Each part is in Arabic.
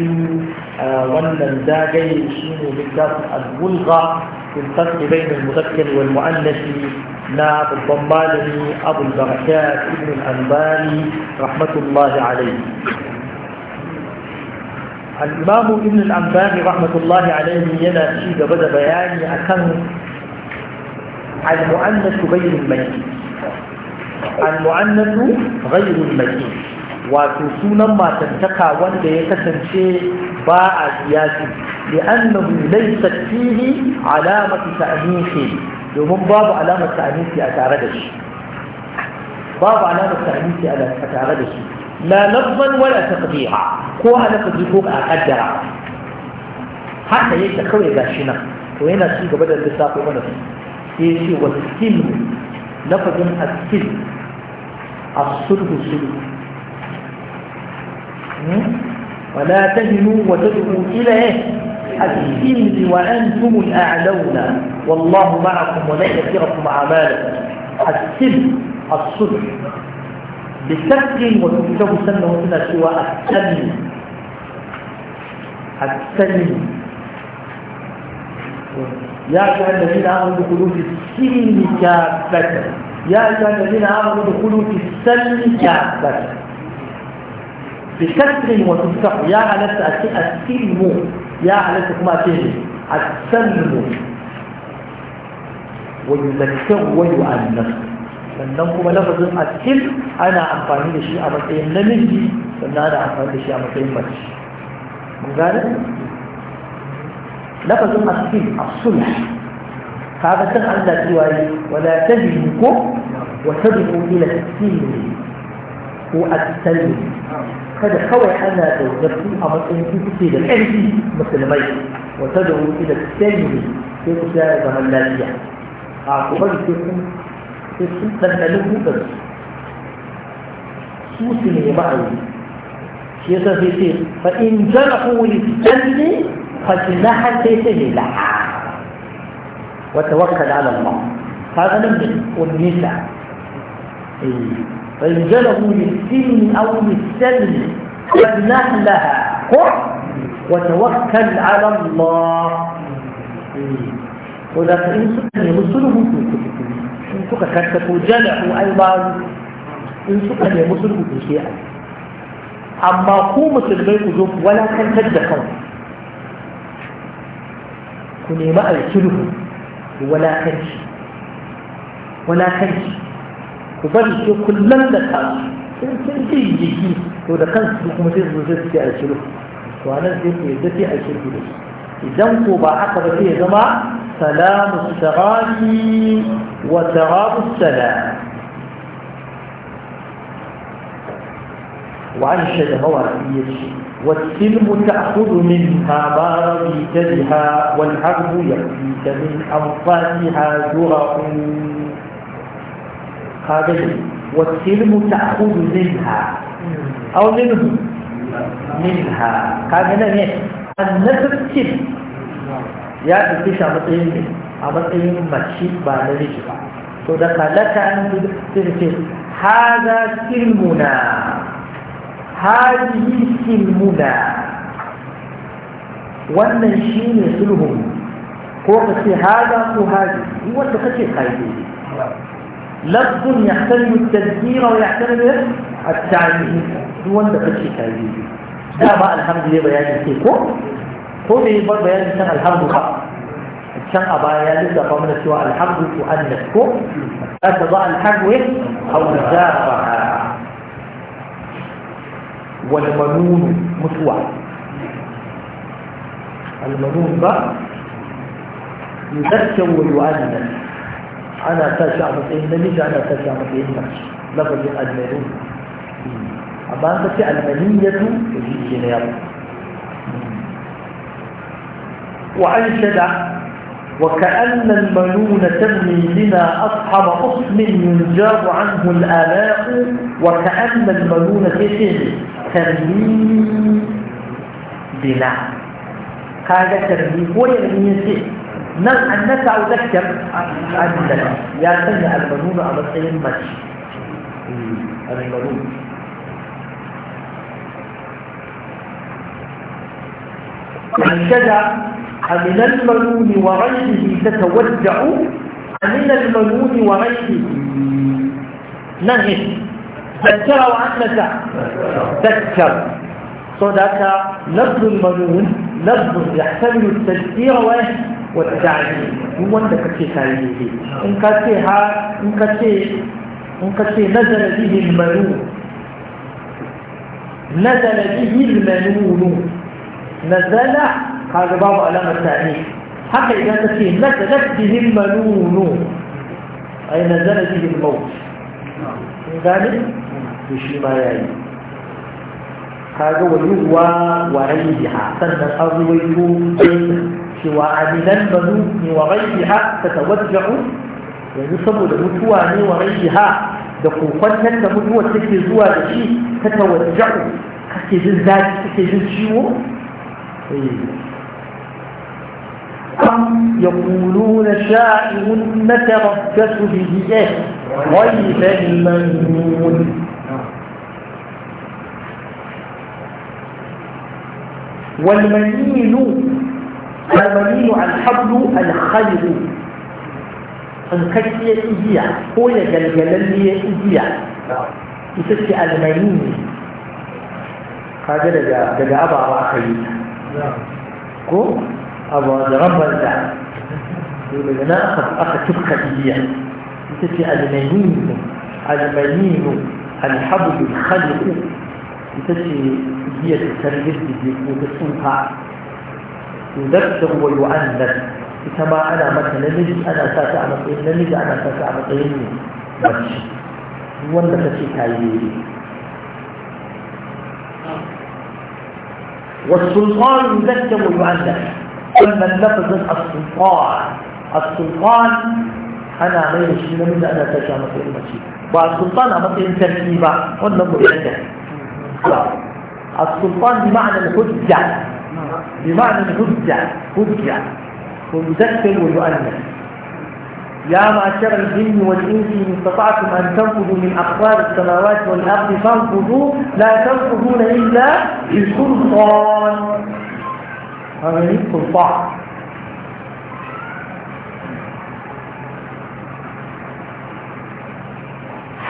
cikin wannan zagaye shi ne في الفرق بين المذكر والمؤنث نا بالضمالي أبو البركات ابن الأنباري رحمة الله عليه الإمام ابن الأنباري رحمة الله عليه ينا شيء بدأ بياني أكن المؤنث غير الميت المؤنث غير الميت wato sunan matantaka wanda ya kasance ba a siyasi li'annahu laysa fihi alamatu ta'nifi domin babu alamar ta'nifi a tare da shi babu alamar ta'nifi a tare da shi la lafzan wala taqdiha ko a lafazi ko a kaddara haka yake kawai gashi nan to yana ci gaba da lissafo mana sai ya ce wa skill lafazin a skill a sulhu ولا تهنوا وتدعوا إلى السلم وأنتم الأعلون والله معكم ولن يسركم أعمالكم السلم الصدق بسك وتكتب سنه هنا سوى السمي السمي يا أيها الذين آمنوا دخلوا في السلم كافة يا أيها الذين آمنوا دخلوا في السلم كافة بكسر وتفتح يا على السلم يا على ما تهي السلم ويذكر ويؤنث sannan kuma lafazin askil ana amfani da shi a matsayin namiji sannan ana amfani da shi a matsayin mace mun gane lafazin askil asulh kaga san Allah cewa yi wala tajidu ko wa tadku ila askil ko askil هذا خوي أنا نفسي أمر أن يكون كثيرا أنتي مثل ما وتدعو إلى التنمية في أجزاء الزمنية أعتقد أنكم تسمى تنمية بس سوسني معي شيخ في سير فإن جرحوا للتنمية فجناح سيسني لا وتوكل على الله هذا من النساء إيه. فيجله للسلم أو للسلم فلنحلها قح وتوكل على الله ولكن يمسلهم إن سكا كتفوا جلعوا أيضا إن سكا يمسلهم شيئا أما قومة البيت جوف ولا تنتج قوم كني ما أرسله ولا تنشي ولا تنشي في عشرة وانا وبلشوا كلنا الحال إذا كوبا عقب يا جماعة سلام السغاني وتغاب السلام وعن شد هو رأي والسلم تأخذ منها ما رضيت بها والحرب يأتيك من أنفاتها جرق kaga ne wacce ilmu ta akudu minha aw minhu minha kaga nan ne annabin cin ya tafi shi a matsayin ne a matsayin mace ba na riki ba to da kalata an fi tsirce haza ilmuna hajji ilmuna wannan shi ne sulhun ko ka ce haza ko haji wanda kake kaide لفظ يحتمل التذكير ويحتمل إيه؟ التعليم هو انت تشي تعليم ده بقى الحمد لله بيان كيكو هو ده بقى بيان كان الحمد لله كان ابا يا ده قمنا سوى الحمد تؤنثكم اتضع الحجو او زارها والمنون مسوع المنون بقى يذكر ويؤنث أنا تشعر مطعم نبيج أنا تشعر مطعم نفسي لفظ الألمانون أما أنت الملية في الجنيات وأنشد وكأن المنون تبني لنا أصحاب أصم ينجاب عنه الآلاء وكأن المنون تشعر ترمي بنا هذا تبني وين يرمي نفع النفع وذكر يا يعني المنون على الطين المشي المنون من شدع من المنون وغيره تتوجع من المنون وغيره نهي ذكر وعن نفع ذكر صدق لفظ المنون لفظ يحتمل التذكير ويحتمل والتعليم هو أنت كتي تعليمه إن كتي ها إن كتي إن كتي نزل به المنون نزل به المنون نزل هذا باب علامة التعليم حتى إذا كتي نزلت به المنون أي نزل به الموت ذلك مش ما يعني هذا ويروى وريدها سنة أرويته سوى عدلا بنوني وغيرها تتوجع ونصب يعني لمتواني وغيرها دقوقاً كانت مدوة تكيزوها لشي تتوجع تكيز الزاد تكيز الشيو أم يقولون شائع نتربس به إيه ريب المنون والمنين عن حبل الخير انكشي إجيا هو يجلجل لي إجيا يسكت المليل هذا دقى أبا راحيل كو أبا رب الدع يقول لنا أخذ أخذ تبقى يسكت يسكي المليل عن حبل الخير يسكت هي تسرد بيكو تسوها يذكر ويؤنث كما انا مثلا نجي انا ana مثلا نجي انا matsayin مثلا ana sa ta a والسلطان يذكر ويؤنث أما اللفظ السلطان السلطان أنا غير شيء أنا تجاه مثلا المسيح والسلطان مثل ترتيبة والنمو الأدب السلطان بمعنى الحجة بمعنى الهجة هجة ومدخل ويؤنث يا معشر الجن والإنس إن استطعتم أن تنفذوا من أقطار السماوات والأرض فانفذوا لا تنفذون إلا بسلطان هذا سلطان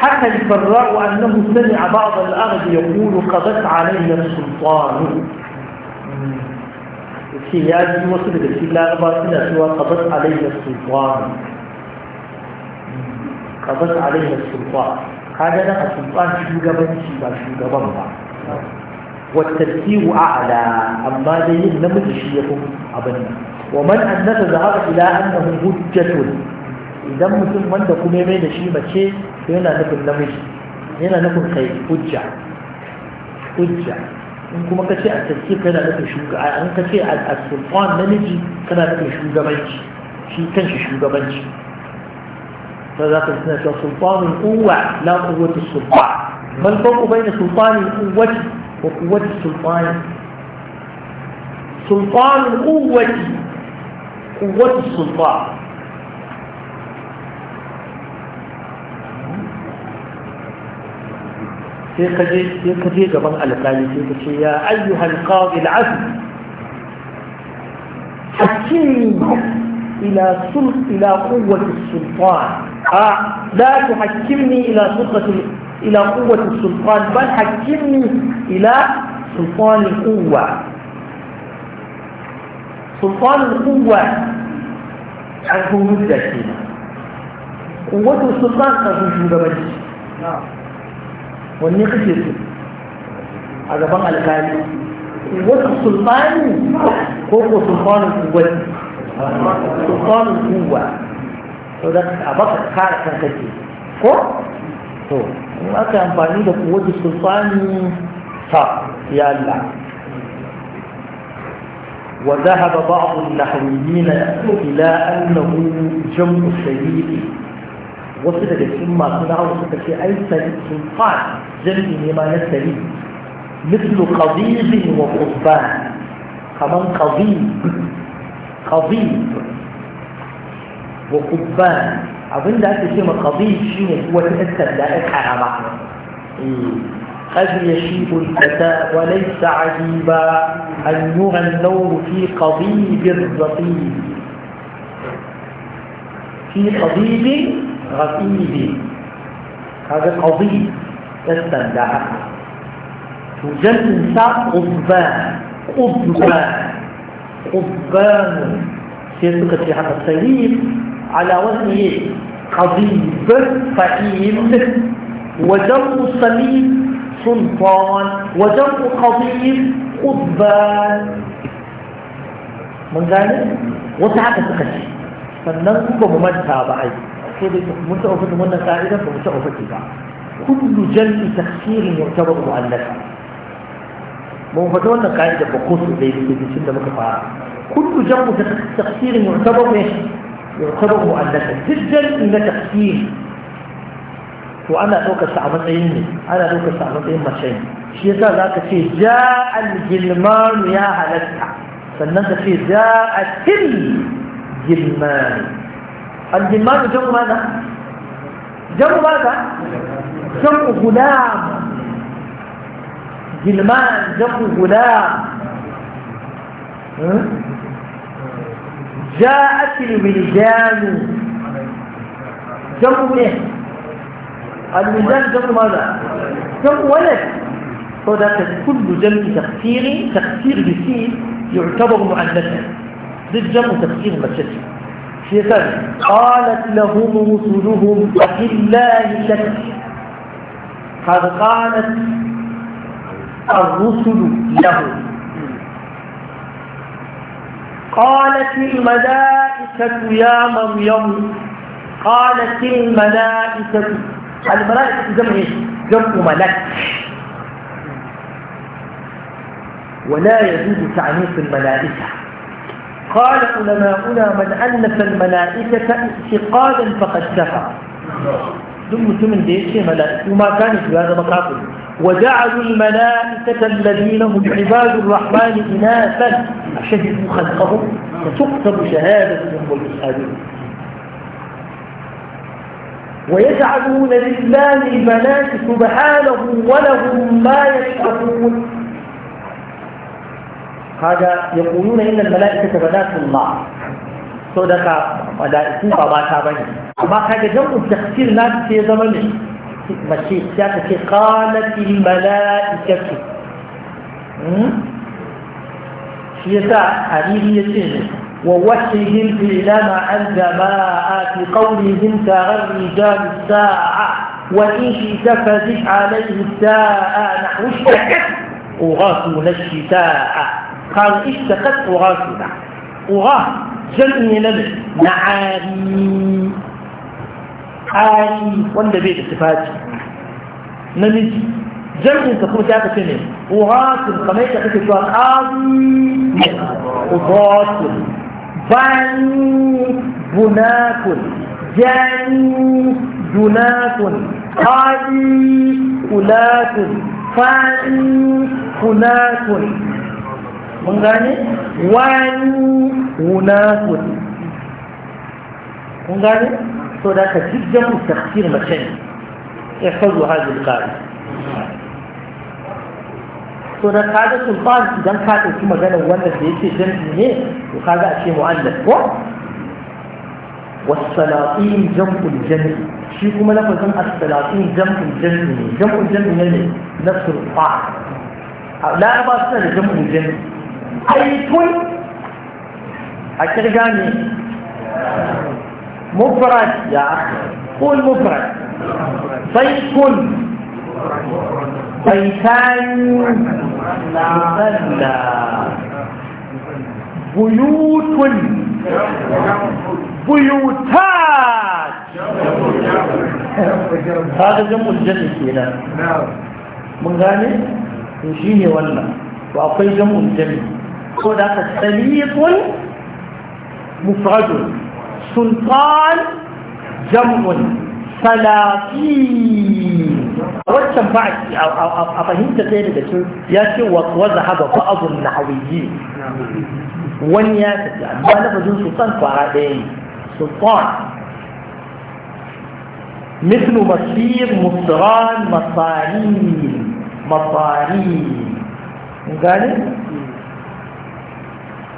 حكى البراء أنه سمع بعض الأرض يقول قضت علينا السلطان سياج مصر بسلا باطل سوى قبض عليه السلطان قضت عليه السلطان هذا لا السلطان شو جبان شو ما شو جبان ما والتسيب أعلى أما ذي النمط شيخهم أبدا ومن أن ذهب إلى أنه هجة إذا مثل من تقوم يمين شيء ما شيء هنا نكون نمط هنا نكون خير هجة هجة in kuma ka ce a tafiye kana nufin shugaba in ka ce a sultan namiji kana nufin shugabanci shi kan shi shugabanci فذاك الاسم سلطان القوة لا قوة السلطان ما الفرق بين سلطان القوة وقوة السلطان سلطان القوة قوة السلطان sai ka je gaban alƙali sai ka ce ya ayyuhal qadi al-asl hakim ila sul ila quwwati sultan a la tuhakkimni ila sultati ila quwwati sultan bal hakkimni ila sultan quwwa sultan quwwa an hukunta shi quwwatu sultan ka shugabanci wanne kake so a gaban alkali wata sultani ko ko sultanin kuwa sultanin kuwa to da a baka kare kan kake ko to in aka amfani da kuwatu sultani ta ya Allah وذهب بعض النحويين إلى أنه جمع السبيل wasu daga cikin masu nahawu suka ce ai sali sunfan jami'i ne ma na sani mislu qadibin wa qubban kamar qadib qadib wa qubban abinda ake ce ma shi ne wata iskar da aka rama قد يشيب الفتى وليس عجيبا أن يرى النور في قضيب الرقيب في قضيب غسيل هذا قضية تستندع توجد إنسان قضبان قضبان قضبان سيرتك في هذا السليم على وزن قضيب فقير وجمع السليم سلطان وجمع قضيب قضبان من ذلك وسعة تكشف فلنكم من تابعي سيدي متعفة من قاعدة فمتعفة تبع كل جمع تخسير يعتبر مؤلفا موفتة من قاعدة بقص زي اللي بيسمى كل جمع تخسير يعتبر ايش؟ يعتبر مؤلفا جدا إلى تخسير وأنا أتوقع سعمل عيني أنا أتوقع سعمل عين مشين شيء ذاك شيء جاء الجلمان يا هلسة فالناس في جاء جلمان الجمال جمع ماذا جمع ماذا جمع غلام جلمان جمع غلام جاءت الولدان جمع ايه الولدان جمع ماذا جمع ولد فذاك كل جمع تفسيري تفسير بسيط يعتبر مؤنثا ضد جمع تفسير مشتت شيخان قالت لهم رسلهم وفي الله شك قد قالت الرسل لهم قالت الملائكة يا مريم قالت الملائكة الملائكة جمع جمع ملك ولا يجوز تعنيف الملائكة قال علماؤنا من ألف الملائكة اعتقادا فقد كفر ثم متمن ديش ملائكة وما كان في هذا مقابل وجعلوا الملائكة الذين هم عباد الرحمن إناثا شهدوا خلقهم فتكتب شهادتهم والمشهدون ويجعلون لله البنات سبحانه ولهم ما يشاءون هذا يقولون إن الملائكة بنات الله صدق ملائكة بابا تابعي ما حاجة جمع تخسير ناس في زمن ماشي سياسة قالت الملائكة في سياسة يسير ووحيهم إلى ما أنزل في قولهم ترى الرجال الساعة وإن شئت فزد عليه الساعة نحو الشعر أغاث الشتاء قال اشتقت اغاث أغاثنا أغاث جمع نبع نعاري عاري ولا بيت الصفات نمجي جمع تقول جاءت تنم أغاث القميشة قلت تقول آري اغاث باني بناك جاني جناك قادي أولاك فاني هناك mun gane wani wunasun mun gane so da ka jijjan tafsir mace ne ihfazu hadhihi al-qa'ida so da kaga sulfan idan ka ɗauki maganar wannan da yake jam'i ne to kaga a ce mu'allaf ko والسلاطين جمع الجمع شي كما لفظن السلاطين جمع الجمع جمع الجمع يعني نفس الطاعة لا أبا سنة جمع الجمع ايتون أشرقاني مفرد يا قول مفرد صيف بيتان مثلا بيوت بيوتات هذا جمع الجنة هنا نعم. من غاني نشيني ولا وأقل جمع الجنة صدق ذاك سليط مفرد سلطان جمع سلاطين وشن بعد أفهمت ذلك يا ياتي وذهب بعض النحويين wani ya سلطان سلطان lafazin سلطان kwara سلطان مثل مصير مصران مصارين مصارين قال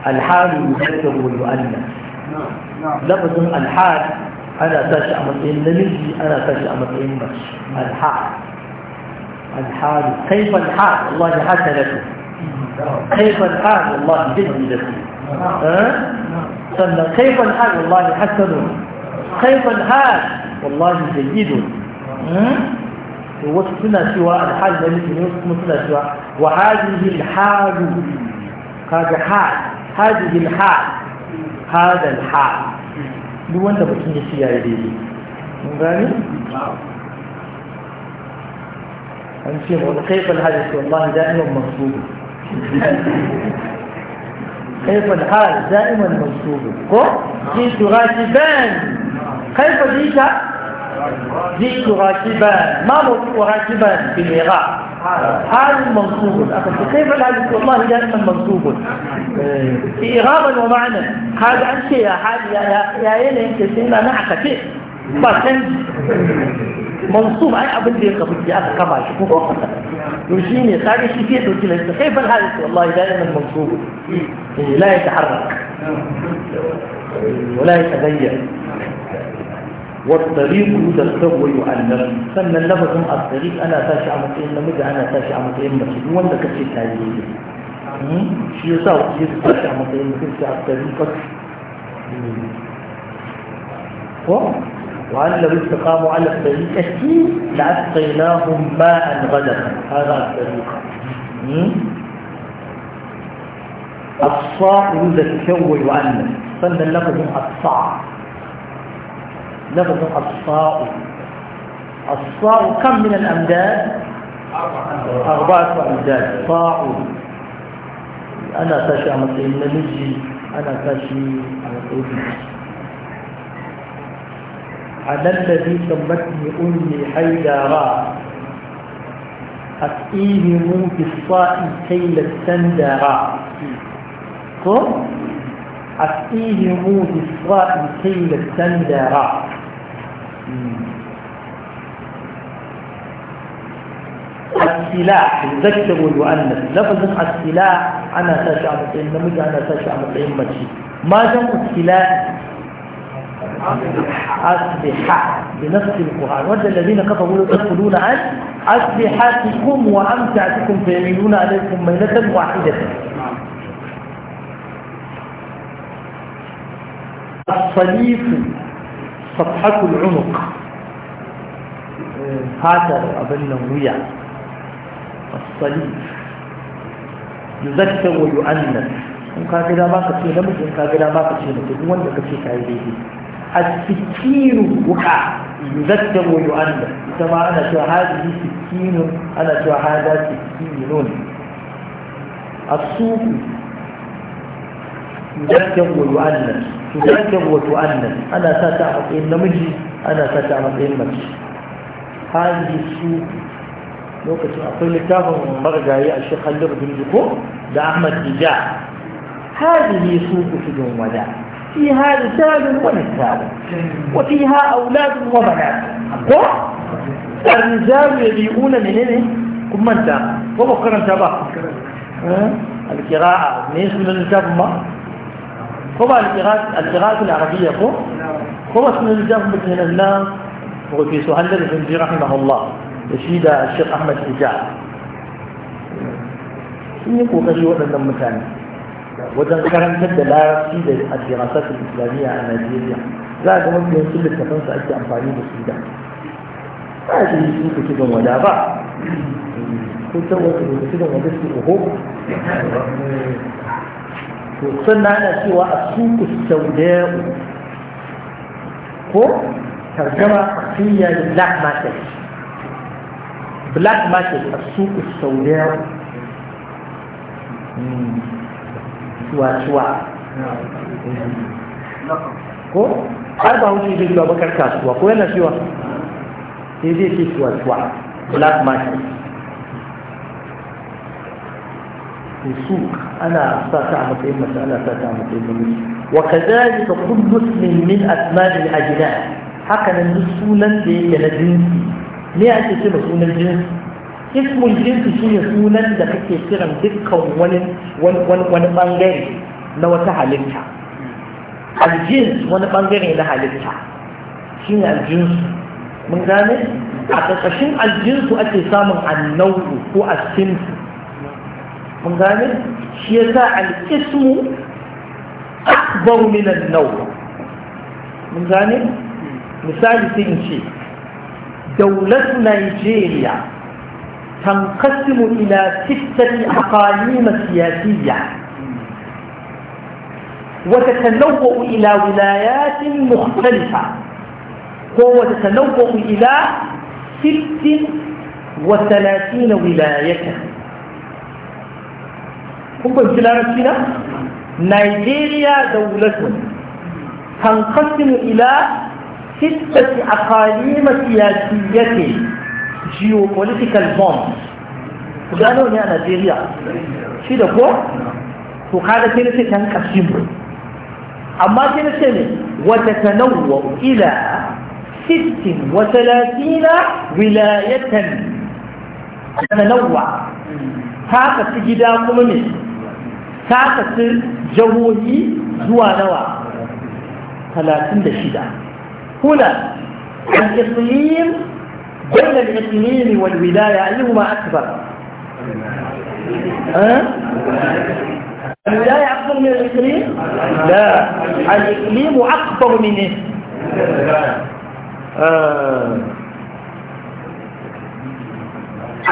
الحال يذكر ويؤنث نعم. لفظ الحال أنا تشاء أمطين نمجي أنا تشاء أمطين مش الحال الحال كيف الحال الله حتى لكم كيف الحال والله جدي لكم سنة نعم. كيف الحال والله حسن كيف الحال والله جيد وصفنا سوى الحال الذي سوى وهذه الحال هذا حال هذه الحال هذا الحال دو نعم. انت بكين شيء دي مغاني ان شيء هو كيف الحادث والله دائما مصبوب كيف الحال دائما مصبوب كو جي تراتبان كيف ديتا جي تراتبان ما هو تراتبان في العراق حال منصوب أخذ كيف الحديث والله دائما منصوب إيه، في إغابا ومعنى هذا أنت يا حال يا يا يا يلي إيه أنت سينا نعك كيف بس منصوب أي أبن دي قبضي أخذ كما شكوك يمشيني خارج شفيت وكلا كيف الحديث والله دائما منصوب إيه، لا يتحرك ولا يتغير والطريق يدكب ويعلم سنة لفظ الطريق أنا تاشع عمتين لمجة أنا تاشي عمتين مسجد وانا كتشي تايين شيء يساو كتير تاشي عمتين مسجد على الطريق وأن لو استقاموا على الطريق لأسقيناهم ماء غدقا هذا الطريق الصاع يذكر ويعلم سنة لفظ الصاع لفظ الصاء الصاء كم من الأمداد أربعة أمداد صاء أنا تاشي عملت النمجي أنا تاشي عملت على الذي سمتني أمي حيدارا أتئيهم بالصاء كيل السندارا أتئيهم بالصاء كيل السندارا السلاح الذكر والمؤنث لفظ السلاح أنا ساشي على مطعم نمج أنا ساشي مطعم مجي ما جمع السلاح أسلحة بنفس القرآن وجه الذين كفروا يدخلون عن أسلحاتكم وأمتعتكم فيميلون عليكم ميلة واحدة الصليف صفحة العنق هذا أبن نويا الصليب يذكر ويؤنف إن كان كذا ما قد شيئ نمت إن كان كذا ما قد شيئ نمت هو أنك قد شيئ عليه السكين وقع يذكر ويؤنف كما أنا شو هذه سكين أنا شو هذا سكين الصوفي تذكر ويؤنث تذكر وتؤنث أنا ستعرف إن مجي أنا ستعرف إن مجي هذه السوق لوكتي أقول لكافر من مرجعي الشيخ خلف بن ذكور ده أحمد نجاع هذه سوق دون وداع فيها رجال ونساء وفيها أولاد وبنات الرجال يبيعون من هنا كم أنت هو أنت تبع القراءة من من الكتاب هو الإغاث الإغاث العربية هو هو اسم الجاه مثل النام وفي سهل الهندي رحمه الله يشيد الشيخ أحمد إجاع إن يكون غيره من المكان وجن كان كد لا الدراسات الإسلامية على نيجيريا لا يجب أن يكون كل التفنس أجل أنفعني بسيدة ما يجب أن يكون كده مدابع كنت أقول كده مدابع to sannan ana cewa a suku saudau ko targama fiya da black market black market a suku saudau cuwa-cuwa hmm. ko har ba wuce zai zuwa bakar kasuwa ko yana cewa sai zai ce cuwa-cuwa black market فسوق أنا ساتع مطعم أنا ساتع مطعم وكذلك كل اسم من أسماء الأجناس حكنا في لجنس ليه أنت تسمى سونا الجنس اسم الجنس شيء سونا لكي يصير دكا ون ون ون ون بانجري لو الجنس ون بانجري لحلتها شيء الجنس من ذلك a ƙarƙashin aljinsu ake samun annau'u ko asinsu فهمتني شيزاع الاسم اكبر من النوع فهمتني مثال تنشي دولة نيجيريا تنقسم إلى ستة أقاليم سياسية وتتنوع إلى ولايات مختلفة وهو تتنوع إلى ست وثلاثين ولاية kun fahimci larabci na Nigeria da daulatun tanqasimu ila sittati aqalim siyasiyyati geopolitical bonds ku gano ne a Nigeria shi da ko to kada sai nace tanqasimu amma sai nace ne wata tatanawwa ila sittin wa talatina wilayatan tatanawwa haka su gida kuma ne ta kasu jahohi zuwa ثلاثين دشيدا هنا الإقليم بين الإقليم والولاية أيهما أكبر أه؟ الولاية أكبر من الإقليم لا الإقليم أكبر منه إيه؟ أه.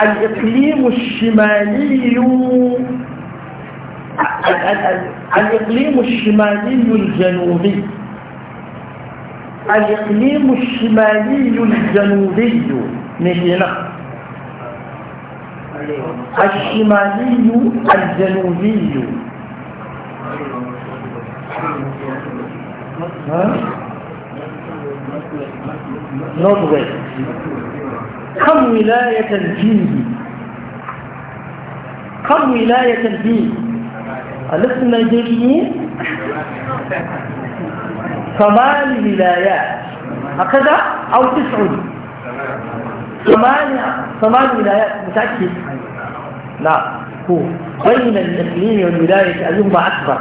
الإقليم الشمالي الإقليم الشمالي الجنوبي الإقليم الشمالي الجنوبي نجينا الشمالي الجنوبي نضوي كم ولاية فيه كم ولاية فيه ألف نيجيريين ثمان ولايات هكذا أو تسع ثمان ثمان ولايات متأكد لا هو بين الإقليم والولاية أيهما أكبر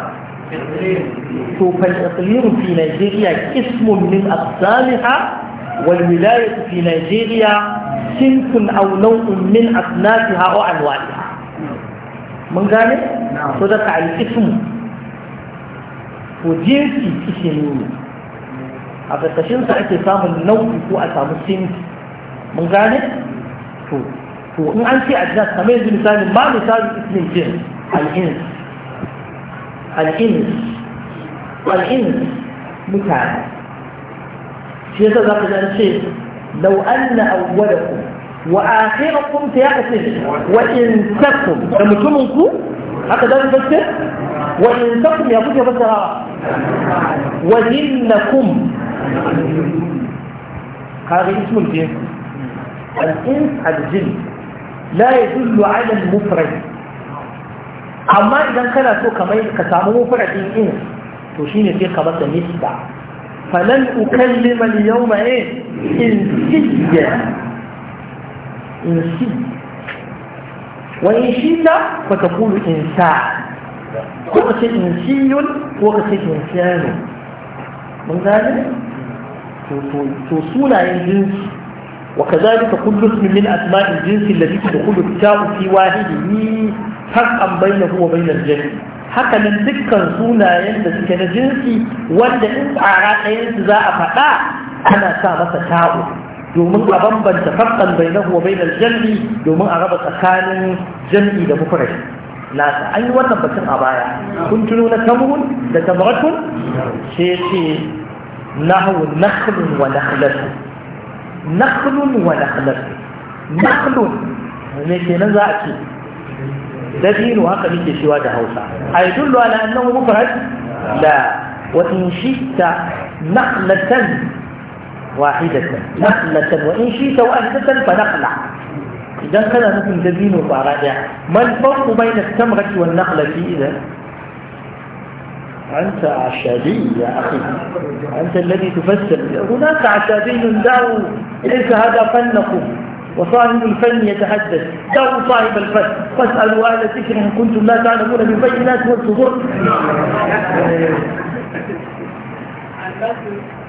فالإقليم في نيجيريا اسم من أقسامها والولاية في نيجيريا سنف أو نوع من أصنافها وأنواعها من قال صدق على الاسم وجنسي اسمي هذا قشن سأتي سام النوع هو أسام السن من قال تو إن أنت أجناس سميز مثال ما مثال اسم الجنس الإنس الإنس الإنس مثال شيء هذا قشن شيء لو أن أولكم وآخركم سيأتي وإنسكم فمتمنكم هكذا وان وإنسكم يا بوجه بسرعة وإنكم هذا اسم الجن الإنس الجن لا يدل على المفرد أما إذا كان سوى كما كسامه مفرد إنس تشين في قبضة نسبة فلن أكلم اليوم إيه إنسيا insi wa in shita fa taqulu insa ko ka ce insiyun ko ka ce insanu mun gani? to sunayen jinsi jinsi كل اسم من أسماء الجنس الذي تدخل التاء Har an فرقا بينه وبين الجنس haka nan dukkan sunayen da suke na jinsi wanda in tsara su za a faɗa ana sa masa ta'u domin a bambanta farkan bai na huwa bai na jami domin a raba tsakanin jami da mukurai na an yi wannan batun a baya kun tuno na tamun da tamaratun ce ce hau nakhlun wa nakhlatu nakhlun wa nakhlatu nakhlun me nan za a ce dabino haka nike cewa da hausa a yi dullu ala annan mufrad da wa in ta nakhlatan واحدة نخلة وإن شئت واحدة فنخلع إذا كان نفهم جبين وفارع ما الفرق بين التمرة والنخلة إذا أنت عشابي يا أخي أنت الذي تفسر هناك عشابي دعوا ليس هذا فنكم وصاحب الفن يتحدث دعوا صاحب الفن فاسألوا أهل الذكر إن كنتم لا تعلمون بالبينات والصدور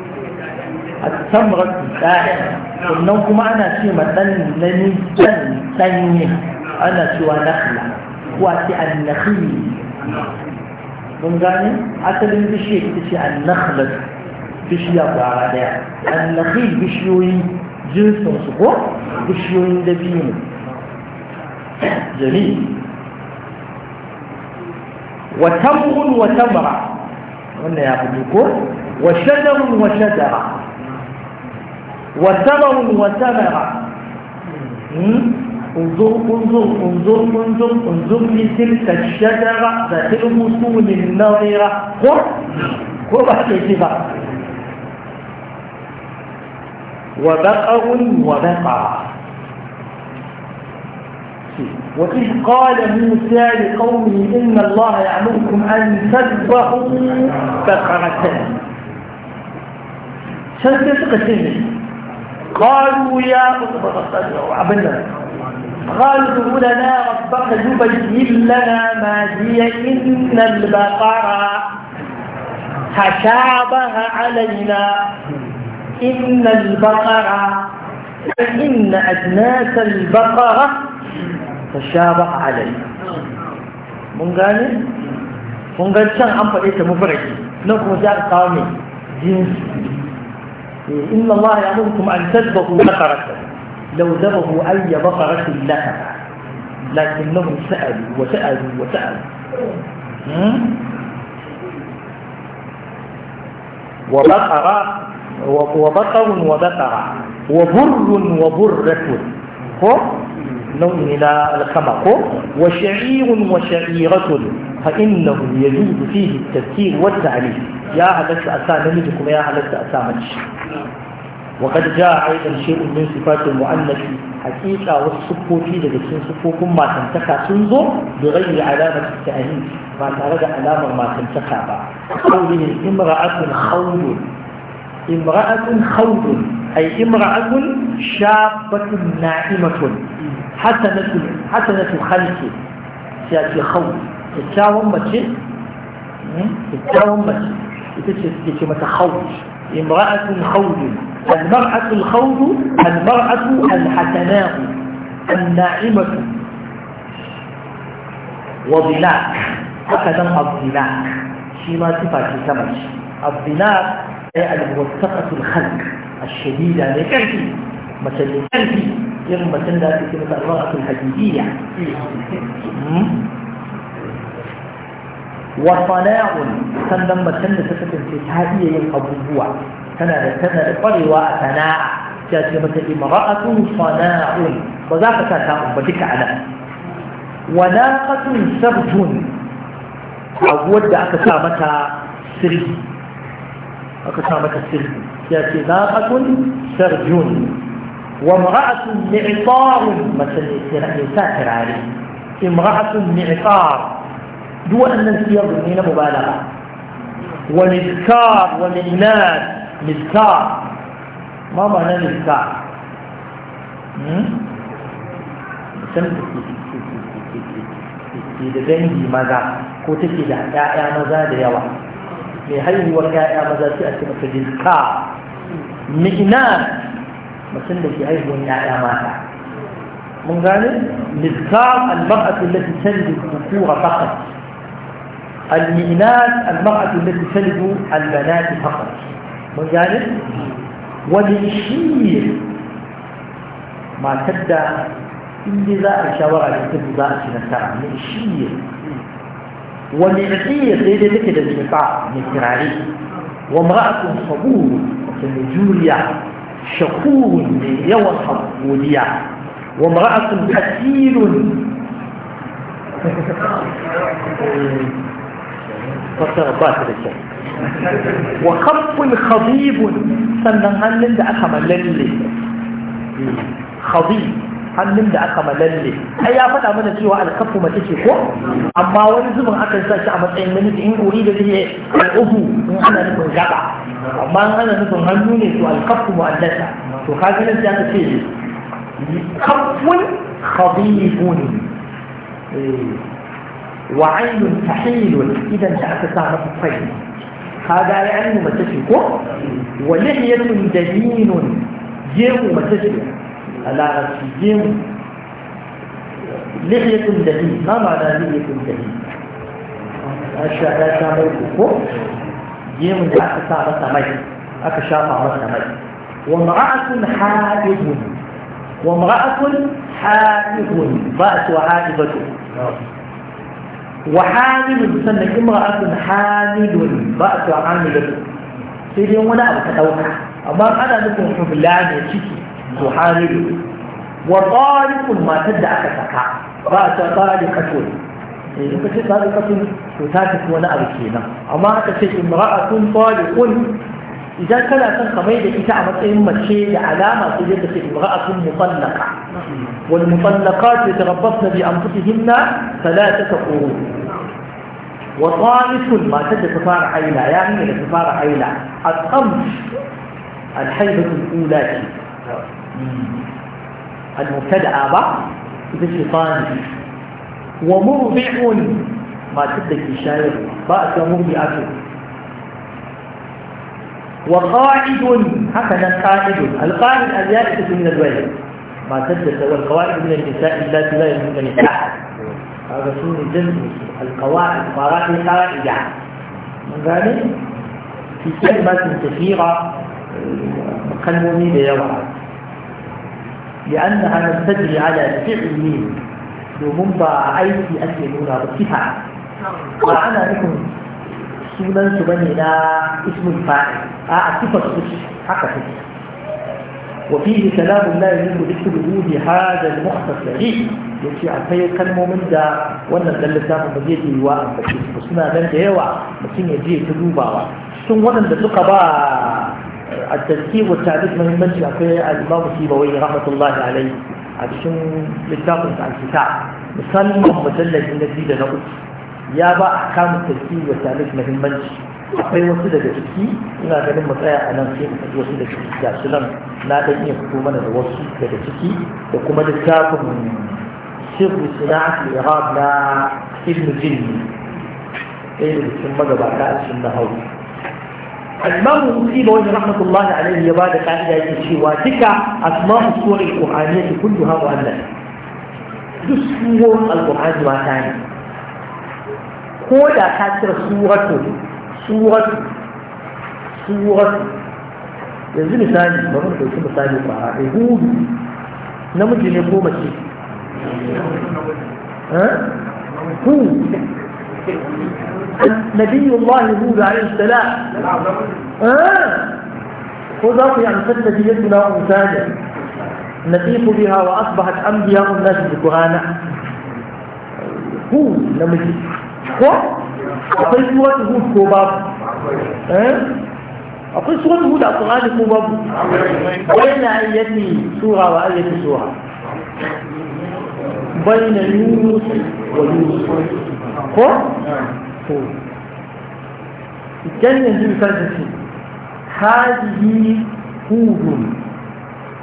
A التمرة الدائمة sannan kuma ana ce ma ɗan na nisan ɗanye ana cewa nakhla ko a ce an nakhli mun gani. asalin bishiyar ita ce an nakhla bishiya kwara ɗaya an nakhli bishiyoyi jinsin su ko bishiyoyin da biyu jami Wata mun wa tamra wannan ya fi ko وشجر وشجرة وثمر وثمرة انظر انظر انظر انظر انظر لتلك الشجرة ذات الغصون النظرة خر خر كيفها وبقر وبقرة وإذ قال موسى لقومه إن الله يعلمكم أن تذبحوا بقرة سنتين سنتين قالوا يا عبدنا قالوا لنا ربك يبين لنا ما هي إن البقرة تشابه علينا إن البقرة إن أجناس البقرة تشابه علينا mun gane? mun gan can an faɗe ta mafarki nan kuma إن الله يأمركم أن تذبحوا بقرة لو ذبحوا أي بقرة لها لكنهم سألوا وسألوا وسألوا وبقرة وبقر وبقرة وبر وبرة هو نوم إلى الخمر وشعير وشعيرة فإنه يجوز فيه التذكير والتعليم يا علت أسا نمجكم يا علت أسا وقد جاء أيضا شيء من صفات المؤنث حقيقة والصفو في لجسين صفوكم ما تنتقى تنظر بغير علامة التأنيث ما ترد علامة ما تنتقى قوله امرأة خول امرأة خول أي امرأة شابة نائمة حسنة حسنة خلق سيأتي خول kyakkyawan mace kyakkyawan mace ita ce suke ce mata khawj imra'atun khawj المرأة الخوض المرأة الحسناء الناعمة وضلاك هكذا الضلاك فيما صفة سمج الضلاك هي الموثقة الخلق الشديدة لكرهي مثل لكرهي يرمى مثل ذلك المرأة الحديدية إيه. إيه؟ وصناع سندم مكان سفك في تهدي القبوة كان كان قري وصناع جاءت مثل امرأة صناع وذاك كان تأم بديك على وناقة سرج أود أكسامك سر أكسامك سر جاءت ناقة سرج وامرأة معطار مثل سنة ساتر عليه امرأة معطار duk waɗannan siyar ne na mubalaga wa miskar wa minnat miskar ma ba na miskar hmm? mutum da ke da dangi maza ko take da ƴaƴa maza da yawa mai haihuwar ƴaƴa maza sai a ce mata miskar minnat mutum da ke haihuwar ƴaƴa mata mun gane miskar al-mar'atu allati tanjibu dhukura faqat المئنات المرأة التي تلد البنات فقط مجانب والإشير ما تبدأ انجزاء الشوارع لانتبضاء سنسرع الإشير والمعطية سيدة ذكر الإنقاع من التراريخ وامرأة صبور وكنجورية شكور من يوم حقودية وامرأة حسين fassara ba ta da kyau wa khaffun khabibun sannan hannun da aka malalle khabib hannun da aka malalle ai ya faɗa mana cewa alkafu mace ce ko amma wani zubin akan sa shi a matsayin namiji in uri da zai al'ubu in ana nufin gaba amma in ana nufin hannu ne to alkafu mu'allasa to kaga nan za ka ce kafun khabibun eh وعين فحيل إذا أنت تعرف الطيب هذا يعني متشكو ولحية دليل جيم متشكو على جيم لحية دليل ما معنى لحية دليل أشياء لا تعمل جيم أنت تعرف مي أكشاف عرفت مي وامرأة حائض وامرأة حائض بأس وحائضة وحامل سنة امرأة حامل بأس عاملة سيدي ولا أبتدوك أما أنا نكون حملان يشكي وحامل وطالق ما تدعك كتكا بأس طالقة إذا كنت طالقة تتاكس ولا أبكينا أما أنت امرأة طالق إذا كان أكون قميدة إذا عمت إما الشيء لعلامة تجد في امرأة مطلقة والمطلقات يتربصن بأنفسهن ثلاثة قرون وطالث ما تجد تفارع عينا يعني من تفارع عينا الأمر الحيبة الأولى المبتدع أبا إذا شيطان ومرضع ما تبدأ في شايف بأس ومرضع وقاعد هكذا قاعد القاعد اليائس من الولد ما سدد والقواعد من النساء التي لا يمكن نساء هذا سور الجمع القواعد قواعد قاعدة من ذلك في كلمات كثيرة مكلمين يوعى لأنها نستدري على فعل domin عيسي aiki ake nuna ba kifa Sunansu ba bane na ismul fa'il a a sifar su haka take وفيه كلام لا يجوز ذكره بهذا المختصر yace akwai kalmomin da wannan dan littafin ba zai yi a ambaci ba suna nan da yawa mutum ya je ta dubawa sun waɗanda suka ba eh, a tazkiyar wata duk muhimmanci akwai al ba wai rahmatullahi alaihi a cikin littafin al-kitab musamman mujallal na biyu da na uku ya ba a kama tafi wa talib muhimmanci akwai wasu daga ciki ina ganin mu tsaya a nan sai mu faɗi wasu daga ciki ga su nan na dan iya fito mana da wasu daga ciki da kuma littafin sirri sana'at al-irab na ibn jinni ɗaya daga cikin magabata a cikin nahawu الإمام المسيب وجه رحمة الله عليه يبادى قاعدة يشيوا تلك أسماء السور duk كلها مؤنثة. جزء القرآن ta ne ko da ka cire suratu suratu suratu yanzu misali bari mu ɗauki misali ba a hudu namiji ne ko mace نبي الله يقول عليه السلام آه وذاك عن فتنة يدنا أنسانا نتيق بها وأصبحت أنبياء الناس بكهانا هود نمجي ko akwai suratul hud ko babu eh akwai suratul hud a qur'ani ko babu bayna ayati sura wa ayati sura bayna yunus wa yunus ko to idan yanzu misali ce hadihi hudun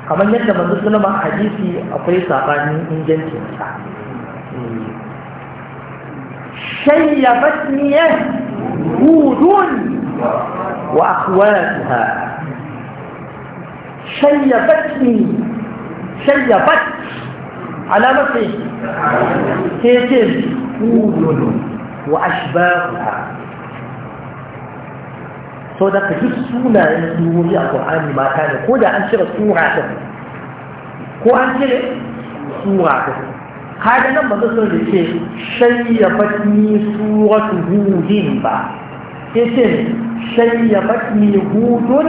kamar yadda manzo sallama hadisi akwai sabanin ingancin hmm. شيبت مياه هود واخواتها شيفتني شيفت على مصر كيتم هود واشباهها صدق في سورة يقول يا ما كان كده أنشر سورة كده كو أنشر سورة كده kada nan ba zai so da ce shayyabat ni suratu hudin ba sai ce shayyabat ni hudun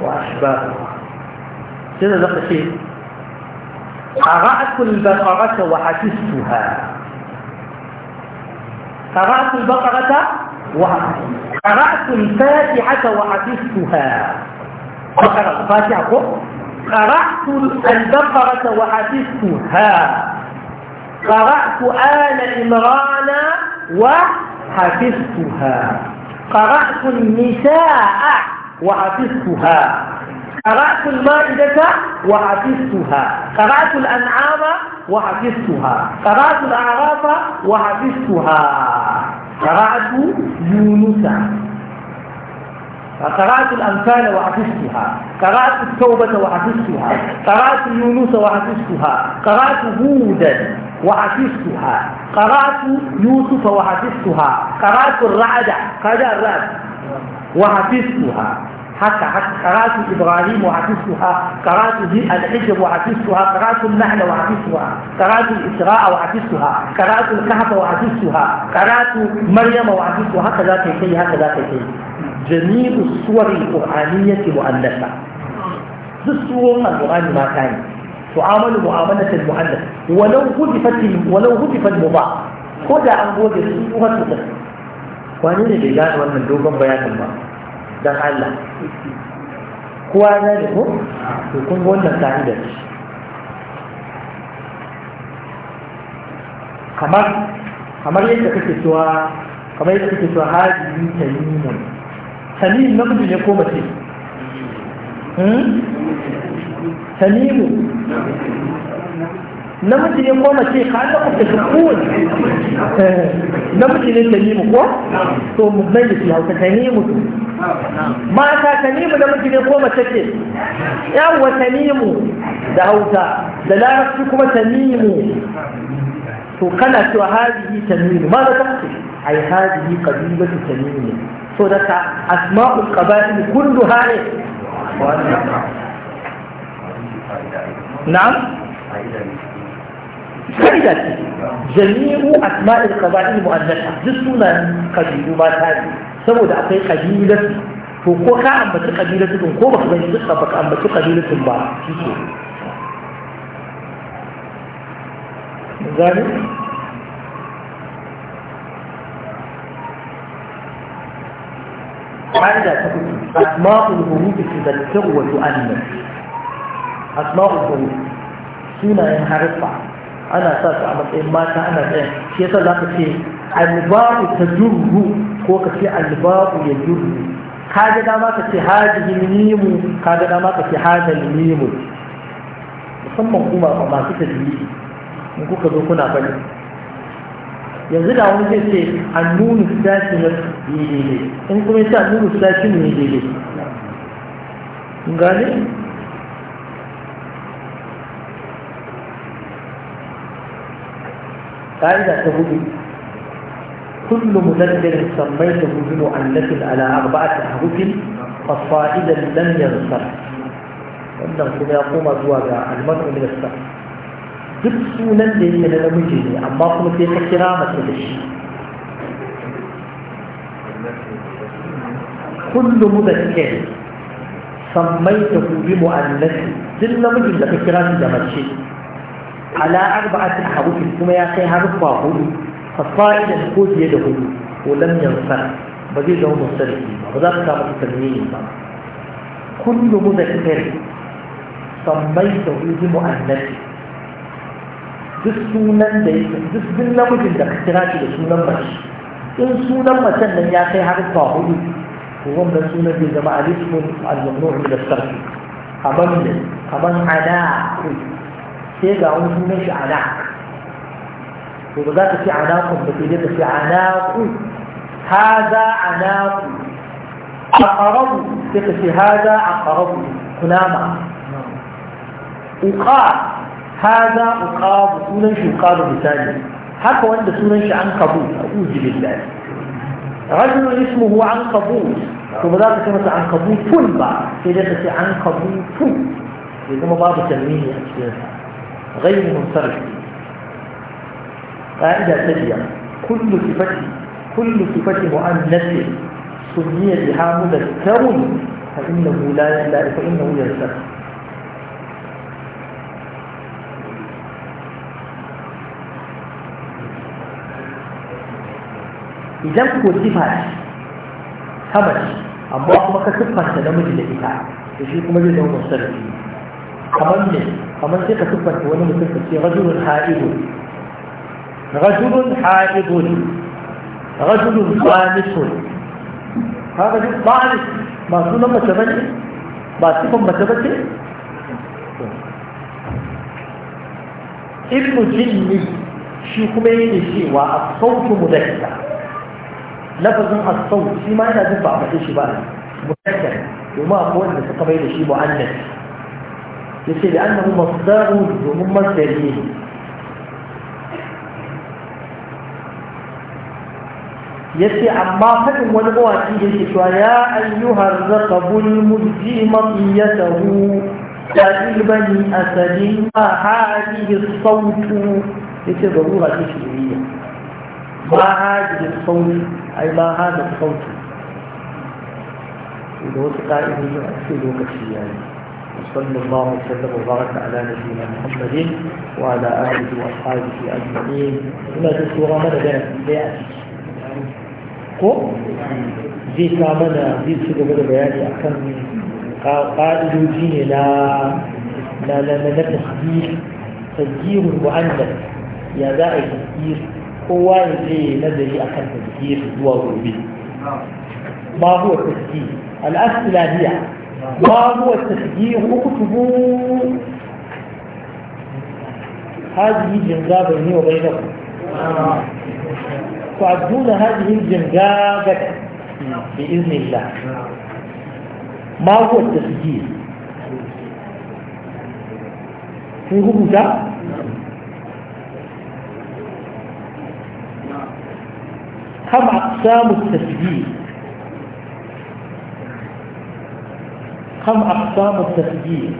wa ashba sai da zaka ce qara'atul qara'atul wa hasistuha قرأت البقرة وحفظتها قرأت البقرة وقرأت الفاتحة وحفظتها بقرة الفاتحة قرأت wa hasistuha قرأت آل عمران وحفظتها قرأت النساء وحفظتها قرأت المائدة وحفظتها قرأت الأنعام وحفظتها قرأت الأعراف وحفظتها قرأت يونس قرأت الأنفال وحفظتها قرأت التوبة وحفظتها قرأت يونس وحفظتها قرأت هودا وحفظتها قرأت يوسف وحفظتها قرأت الرعد قرات الرعد وحفظتها حتى حتى قرأت إبراهيم وحفظتها قرأت الحجر وحفظتها قرأت النحل وحفظتها قرأت الإسراء وحفظتها قرأت الكهف وحفظتها قرأت مريم وحفظتها هكذا كيفي هكذا كيفي جميع الصور القرآنية مؤنثة بالصور القرانيه ما كانت تعامل معاملة المؤنث ولو هدفت ولو هدف المضاف ko da an goge su wasu da wani ne bai gane wannan dogon bayanin ba don Allah kowa ya ko to kamar kamar yadda kake cewa kamar yadda kake cewa hadi tamimun tamim namiji ne ko mace hmm? tamimu namiji ne ko mace ka da ku ta kuwan namiji ne tamimu ko to mu hausa tamimu mata tamimu namiji ne ko mace ce yawwa tamimu da hausa da larabci kuma tamimu to kana cewa hadihi tamimu ma za ta ai hadihi qabilatu tamimu so da ka asma'ul نعم فائدة جميع أسماء القبائل المؤنثة جسونا قبيل ما تاني سبب دعطي قبيلة فوقو أم أمبتي قبيلة تنكو بخبين سقا بك أمبتي قبيلة تنبا ذلك فائدة أسماء الهروب تذكر وتؤنث asma'ul huruf sunayen harfa ana sa su a matsayin mata ana tsayin shi yasa za ka ce alba'u ta duru ko ka ce alba'u ya duru, ka ga dama ka ce hajji mimu ka ga dama ka ce hajji mimu musamman kuma masu tajiri in kuka zo kuna bari yanzu da wani zai ce an nunu sashi na daidai in kuma ya ce an nunu sashi ne yi daidai gane فإذا تبدي كل مذكر سميته منه عن نسل على أربعة حروف فصائدا لم ينصر وإنه كما يقوم أدوابع المرء من السر جبسوا نزل من المجلس أما قلت في كرامة الشيء كل مذكر سميته بمؤنث جل مجل في كرامة الشيء على أربعة حروف كما يقع حرف فاقول فصائد الكوز يده ولم ينفع بجيز هو مصر وذلك كما تسميه كل مذكر سميته إذن مؤنث جس سونن دي جس بن لغو جند اختراج دي سونن مش إن سونن مثل من يقع حرف فاقول هو من سونن دي زمع الاسم الممنوع من السرق أمن أمن على كل هذا عنه مش عناق وبدأت في هذا عناق أقرب تقف في هذا أقرب كلاما أقاب هذا أقاب سننش أقاب بثاني حقا عن قبول أعوذ بالله رجل اسمه عن قبول وبدأت كلمة عن قبول فلبا في عن قبول فلبا إذا ما بعض تنميني أكثر غير منصرف قاعدة ثانية كل صفة كل صفة مؤنث سمي بها مذكر فإنه لا لا فإنه يذكر إذا كنت صفة همش أما أخبرك صفة سلامة لك يجيكم مجلس مصرفين قمن قمن سيكا تفت رجل حائض رجل حائض رجل خامس هذا ما سنة ما تبني ما سنة ما تبني ابن جني شي خميني شي والصوت مذكر لفظ الصوت شي ما ينزل بعض الشيء بعد مذكر وما قوة لسقبيل شي مؤنث يقول لأنه مصدر هم مصدرين يسي عما فتن والمواكيد يسوى يا أيها الرقب المجزي مطيته تأذيب بني أسد ما هذه الصوت يسي ضرورة تشريعية ما هذه الصوت أي ما هذا الصوت إذا وسقائه من أكثر وكثير يعني صلى الله وسلم وبارك على نبينا محمد وعلى اله واصحابه اجمعين ثم تذكر ماذا بين البيعه جيت زي جيت زي سيدنا بياني اكثر من قال الدين لا لا لا لا لا تسجيل تخدير المعلم يا داعي تخدير هو الذي نزلي اكثر تسجيل دوا غربي ما هو التسجيل الاسئله هي ما هو التخدير اكتبوا هذه الجنجابة بيني وبينكم تعدون هذه الجنجابة بإذن الله ما هو التسجيل في غبوزة كم أقسام التسجيل كم أقسام التسجيل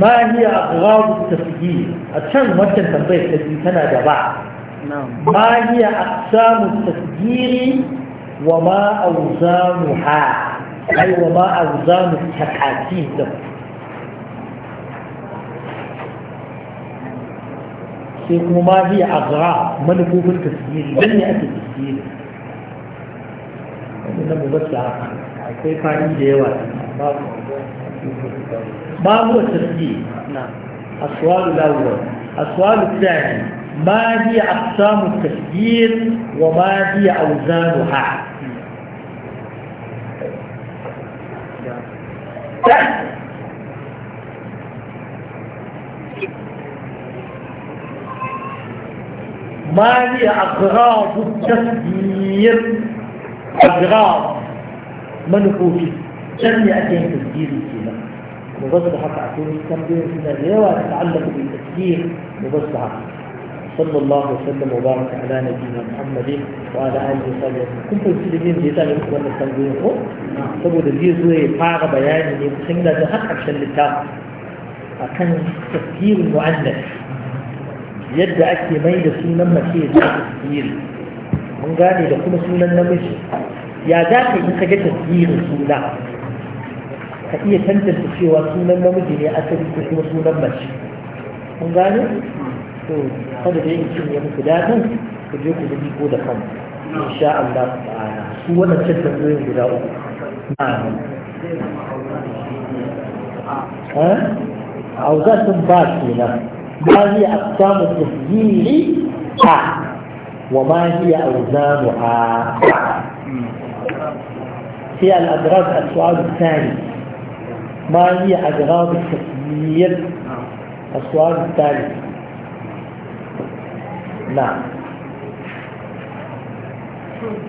ما هي أغراض التسجيل عشان ممكن تنبيه تسجيل سنة جباعة نعم. ما هي أقسام التسجيل وما أوزانها أي وما أوزان التحاتيم له ما هي أغراض منبوب التسجيل من يأتي التسجيل na mu basu haka akwai fani da yawa babu wata fi na aswalu lawuwa aswalu tsari ma hiya aqsamu tasjil wa ma hiya awzanuha ما هي أغراض التسجيل أبغار منفوشي لم يأتين تسجيل فينا مبصر حق عكون التنبيه سنة اليوى تتعلق بالتسجيل مبصر حق صلى الله وسلم وبارك على نبينا محمد وعلى آله وصحبه كنت مسلمين جيتا يمكن أن التنبيه هو سبو دليل زوي فاغ بياني يمكن لها حق عشان للتاق أكن تسجيل المعنف يدعك يميل سنة ما فيه تسجيل mun gane da kuma sunan namiji ya za ka yi kaga tasirin suna ka iya tantance cewa sunan namiji ne asali ko kuma sunan mace mun gane to kada da yin cin ya muku dadin ku je ku bi ko da kanku insha Allah ta'ala su wannan cin tambayoyin guda uku na'am ha auzatun ba kenan ba zai aksamu tasiri ta وما هي أوزانها هي الأغراض السؤال الثاني ما هي أغراض التسمير السؤال الثاني نعم